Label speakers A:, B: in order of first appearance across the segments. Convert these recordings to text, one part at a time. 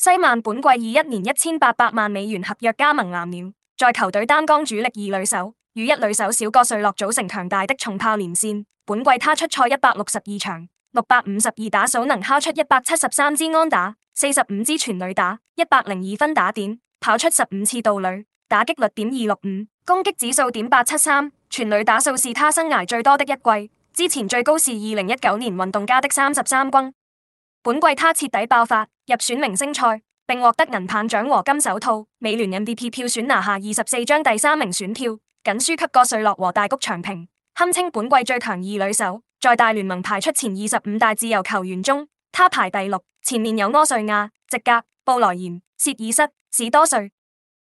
A: 西曼本季以一年一千八百萬美元合約加盟藍鳥，在球隊擔綱主力二壘手，與一壘手小葛瑞洛組成強大的重炮連線。本季他出賽一百六十二場，六百五十二打數，能敲出一百七十三支安打，四十五支全壘打，一百零二分打點，跑出十五次盜壘，打擊率點二六五，攻擊指數點八七三，全壘打數是他生涯最多的一季，之前最高是二零一九年運動家的三十三轟。本季他徹底爆發，入選明星賽，並獲得銀棒獎和金手套。美聯 MVP 票選拿下二十四張第三名選票，僅輸給葛瑞洛和大谷翔平，堪稱本季最強二壘手。在大聯盟排出前二十五大自由球員中，他排第六，前面有柯瑞亞、席格、布萊恩、切爾失、史多瑞。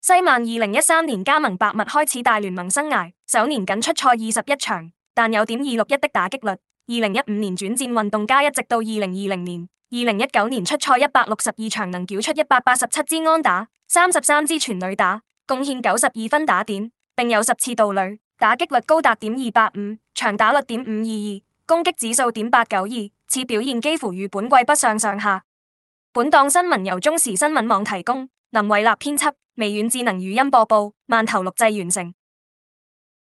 A: 西曼二零一三年加盟白襪開始大聯盟生涯，首年僅出賽二十一場，但有點二六一的打擊率。二零一五年轉戰運動家，一直到二零二零年、二零一九年出賽一百六十二場，能繳出一百八十七支安打、三十三支全壘打，貢獻九十二分打點，並有十次盜壘，打擊率高達點二八五，長打率點五二二，攻擊指數點八九二，此表現幾乎與本季不相上下。本檔新聞由中時新聞網提供，林偉立編輯，微軟智能語音播報，萬頭錄製完成。